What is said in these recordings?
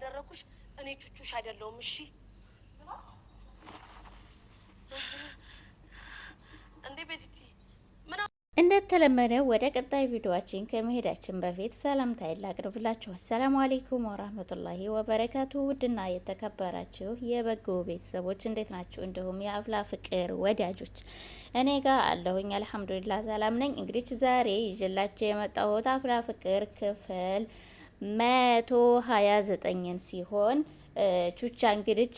ስላደረኩሽ እኔ ቹቹሽ አይደለሁም። እሺ እንዴ ቤቲ እንደተለመደው ወደ ቀጣይ ቪዲዮአችን ከመሄዳችን በፊት ሰላምታ ላቅርብላችሁ። አሰላሙ አሌይኩም ወራህመቱላሂ ወበረካቱ። ውድና የተከበራችሁ የበጎ ቤተሰቦች እንዴት ናችሁ? እንዲሁም የአፍላ ፍቅር ወዳጆች እኔ ጋር አለሁኝ አልሐምዱሊላ ሰላም ነኝ። እንግዲች ዛሬ ይዤላችሁ የመጣሁት አፍላ ፍቅር ክፍል መቶ ሀያ ዘጠኝን ሲሆን ቹቻ እንግዲች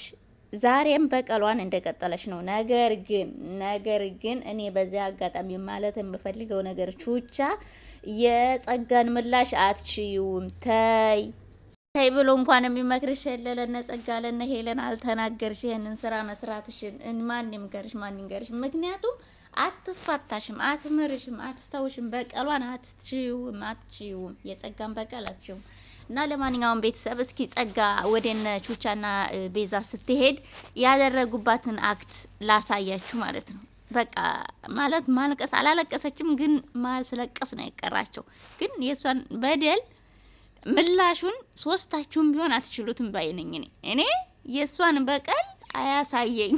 ዛሬም በቀሏን እንደቀጠለች ነው። ነገር ግን ነገር ግን እኔ በዚያ አጋጣሚ ማለት የምፈልገው ነገር ቹቻ የጸጋን ምላሽ አትችዩም ተይ ተይ ብሎ እንኳን የሚመክርሽ የለ ለነ ጸጋ ለነ ሄለን አልተናገርሽ ይህንን ስራ መስራትሽን ማን ይምከርሽ ማን ይንገርሽ ምክንያቱም አትፋታሽም፣ አትምርሽም፣ አትተውሽም። በቀሏን አትችውም፣ አትችውም። የጸጋን በቀል አትችውም። እና ለማንኛውም ቤተሰብ እስኪ ጸጋ ወደነ ቹቻና ቤዛ ስትሄድ ያደረጉባትን አክት ላሳያችሁ ማለት ነው። በቃ ማለት ማልቀስ አላለቀሰችም፣ ግን ማስለቀስ ነው የቀራቸው። ግን የእሷን በደል ምላሹን ሶስታችሁም ቢሆን አትችሉትም ባይነኝ እኔ እኔ የእሷን በቀል አያሳየኝ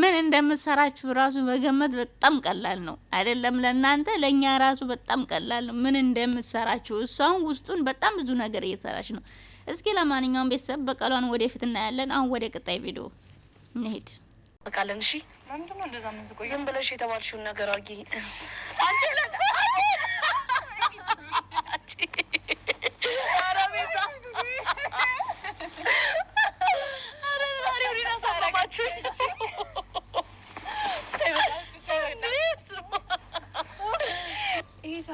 ምን እንደምሰራችሁ ራሱ መገመት በጣም ቀላል ነው። አይደለም ለእናንተ ለእኛ ራሱ በጣም ቀላል ነው፣ ምን እንደምሰራችሁ። እሷን ውስጡን በጣም ብዙ ነገር እየሰራች ነው። እስኪ ለማንኛውም ቤተሰብ በቀሏን ወደፊት እናያለን። አሁን ወደ ቀጣይ ቪዲዮ እንሄድ። ቃለን እሺ ዝም ብለሽ የተባልሽውን ነገር አርጊ።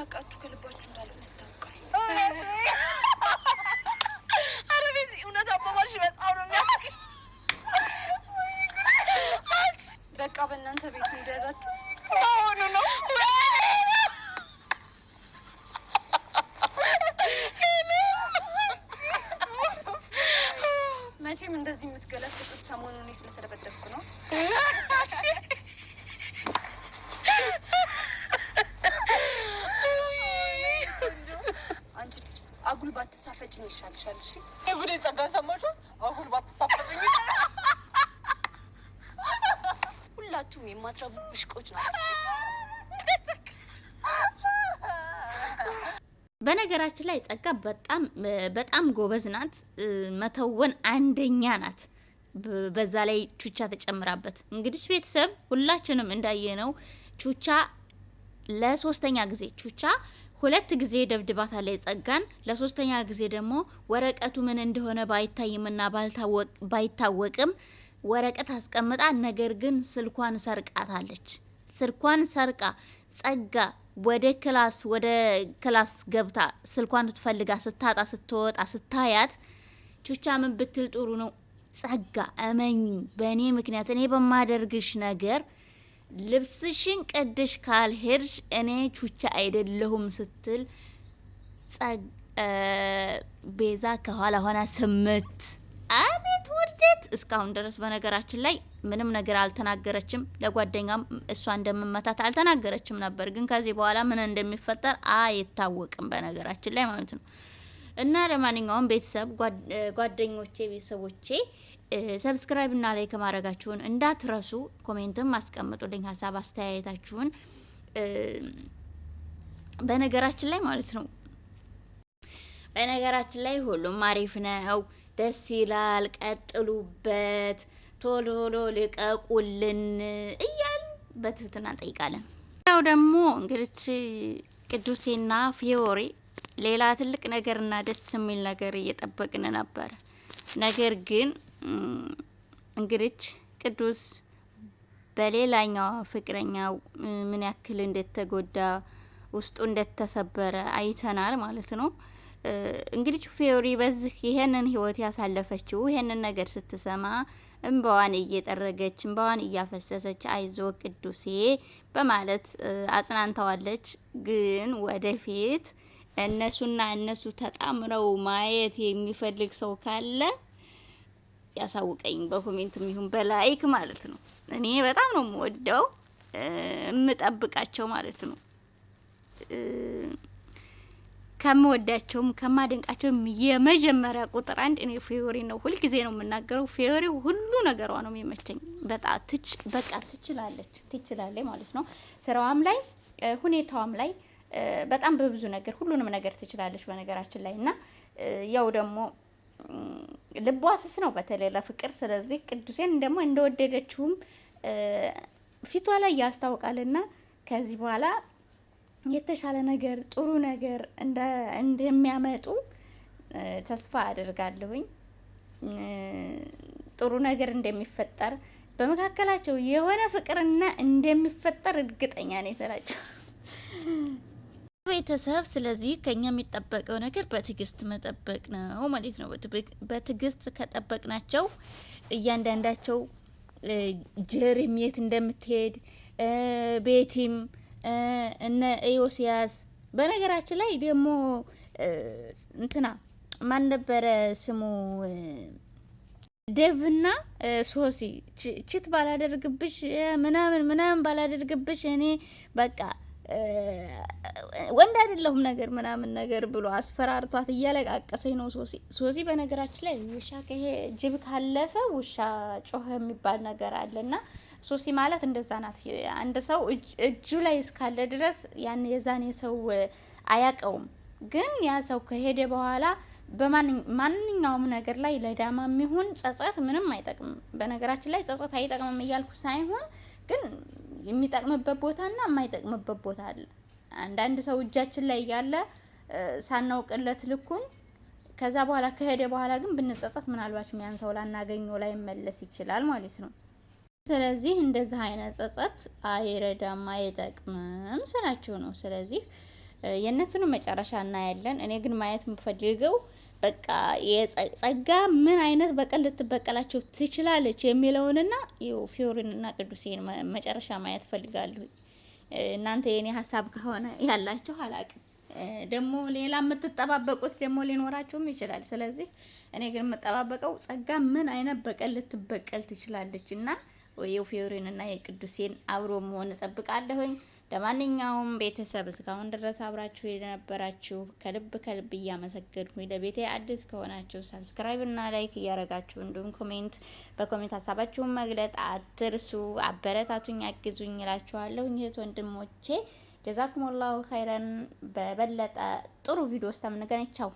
ሳቃችሁ ከልባችሁ እንዳለ ያስታውቃል። አጉል ባትሳፈጭ ይሻልሻል። እሺ ቡድን ጸጋ ሰማችሁ? አጉል ባትሳፈጭ ሁላችሁም የማትረቡ ብሽቆች ናቸው። በነገራችን ላይ ጸጋ በጣም በጣም ጎበዝ ናት። መተወን አንደኛ ናት። በዛ ላይ ቹቻ ተጨምራበት። እንግዲህ ቤተሰብ ሁላችንም እንዳየነው ቹቻ ለሶስተኛ ጊዜ ቹቻ ሁለት ጊዜ ደብድባታለች ጸጋን። ለሶስተኛ ጊዜ ደግሞ ወረቀቱ ምን እንደሆነ ባይታይምና ባይታወቅም ወረቀት አስቀምጣ፣ ነገር ግን ስልኳን ሰርቃታለች። ስልኳን ሰርቃ ጸጋ ወደ ክላስ ወደ ክላስ ገብታ ስልኳን ትፈልጋ ስታጣ ስትወጣ ስታያት ቹቻ ምን ብትል ጥሩ ነው ጸጋ፣ እመኝ በእኔ ምክንያት እኔ በማደርግሽ ነገር ልብስሽን ቀድሽ ካልሄድሽ እኔ ቹቻ አይደለሁም ስትል ቤዛ ከኋላ ሆና ስምት አቤት ውርደት! እስካሁን ድረስ በነገራችን ላይ ምንም ነገር አልተናገረችም። ለጓደኛም እሷ እንደምመታት አልተናገረችም ነበር፣ ግን ከዚህ በኋላ ምን እንደሚፈጠር አይታወቅም። በነገራችን ላይ ማለት ነው እና ለማንኛውም ቤተሰብ ጓደኞቼ፣ ቤተሰቦቼ ሰብስክራይብ እና ላይክ ማድረጋችሁን እንዳትረሱ። ኮሜንትም አስቀምጡልኝ ሀሳብ አስተያየታችሁን። በነገራችን ላይ ማለት ነው በነገራችን ላይ ሁሉም አሪፍ ነው፣ ደስ ይላል። ቀጥሉበት፣ ቶሎ ቶሎ ልቀቁልን እያል በትህትና እንጠይቃለን። ያው ደግሞ እንግዲህ ቅዱሴና ፊዮሪ ሌላ ትልቅ ነገርና ደስ የሚል ነገር እየጠበቅን ነበር ነገር ግን እንግዲህ ቅዱስ በሌላኛዋ ፍቅረኛ ምን ያክል እንደተጎዳ ውስጡ እንደተሰበረ አይተናል ማለት ነው። እንግዲህ ፊዮሪ በዚህ ይሄንን ህይወት ያሳለፈችው ይሄንን ነገር ስትሰማ እንባዋን እየጠረገች እንባዋን እያፈሰሰች አይዞ ቅዱሴ በማለት አጽናንተዋለች። ግን ወደፊት እነሱና እነሱ ተጣምረው ማየት የሚፈልግ ሰው ካለ ያሳውቀኝ በኮሜንትም ይሁን በላይክ ማለት ነው። እኔ በጣም ነው የምወደው የምጠብቃቸው ማለት ነው። ከምወዳቸውም ከማደንቃቸውም የመጀመሪያ ቁጥር አንድ እኔ ፌወሪ ነው። ሁልጊዜ ነው የምናገረው። ፌወሪ ሁሉ ነገሯ ነው የሚመቸኝ። ትች በቃ ትችላለች፣ ትችላለች ማለት ነው። ስራዋም ላይ ሁኔታዋም ላይ በጣም በብዙ ነገር ሁሉንም ነገር ትችላለች። በነገራችን ላይ እና ያው ደግሞ ልቧ ስስ ነው፣ በተለይ ለፍቅር። ስለዚህ ቅዱሴን ደግሞ እንደወደደችውም ፊቷ ላይ ያስታውቃልና ከዚህ በኋላ የተሻለ ነገር ጥሩ ነገር እንደሚያመጡ ተስፋ አድርጋለሁኝ። ጥሩ ነገር እንደሚፈጠር በመካከላቸው የሆነ ፍቅርና እንደሚፈጠር እርግጠኛ ነኝ ስላቸው ቤተሰብ ስለዚህ ከኛ የሚጠበቀው ነገር በትዕግስት መጠበቅ ነው ማለት ነው። በትዕግስት ናቸው እያንዳንዳቸው ጀሪም የት እንደምትሄድ ቤቲም፣ እነ ኢዮስያስ በነገራችን ላይ ደግሞ እንትና ማን ነበረ ስሙ ደቭና ሶሲ ችት ባላደርግብሽ ምናምን ምናምን ባላደርግብሽ እኔ በቃ ወንድ አይደለሁም ነገር ምናምን ነገር ብሎ አስፈራርቷት እያለቃቀሰኝ ነው ሶሲ። ሶሲ በነገራችን ላይ ውሻ ከሄ ጅብ ካለፈ ውሻ ጮኸ የሚባል ነገር አለና ሶሲ ማለት እንደዛ ናት። አንድ ሰው እጁ ላይ እስካለ ድረስ ያን የዛን የሰው አያቀውም፣ ግን ያ ሰው ከሄደ በኋላ በማንኛውም ነገር ላይ ለዳማ የሚሆን ጸጸት ምንም አይጠቅምም። በነገራችን ላይ ጸጸት አይጠቅምም እያልኩ ሳይሆን ግን የሚጠቅምበት ቦታና የማይጠቅምበት ቦታ አለ። አንዳንድ ሰው እጃችን ላይ ያለ ሳናውቅለት ልኩን ከዛ በኋላ ከሄደ በኋላ ግን ብንጸጸት ምናልባችም ያን ሰው ላናገኘው ላይ መለስ ይችላል ማለት ነው። ስለዚህ እንደዚህ አይነት ጸጸት አይረዳም፣ አይጠቅምም ስላችሁ ነው። ስለዚህ የእነሱንም መጨረሻ እናያለን። እኔ ግን ማየት የምፈልገው በቃ የጸጋ ምን አይነት በቀል ልትበቀላቸው ትችላለች የሚለውንና ፊዮሪንና ቅዱሴን መጨረሻ ማየት ፈልጋለሁ። እናንተ የኔ ሀሳብ ከሆነ ያላችሁ አላቅም። ደግሞ ሌላ የምትጠባበቁት ደግሞ ሊኖራችሁም ይችላል። ስለዚህ እኔ ግን የምጠባበቀው ጸጋ ምን አይነት በቀል ልትበቀል ትችላለች እና የፊዮሪንና የቅዱሴን አብሮ መሆን እጠብቃለሁኝ። ለማንኛውም ቤተሰብ እስካሁን ድረስ አብራችሁ የነበራችሁ ከልብ ከልብ እያመሰገንኩኝ ለቤቴ አዲስ ከሆናችሁ ሰብስክራይብ እና ላይክ እያረጋችሁ እንዲሁም ኮሜንት በኮሜንት ሀሳባችሁን መግለጥ አትርሱ። አበረታቱኝ፣ አግዙኝ ይላችኋለሁ እህት ወንድሞቼ። ጀዛኩሙላሁ ኸይረን። በበለጠ ጥሩ ቪዲዮ ውስጥ ምንገናኝ። ቻው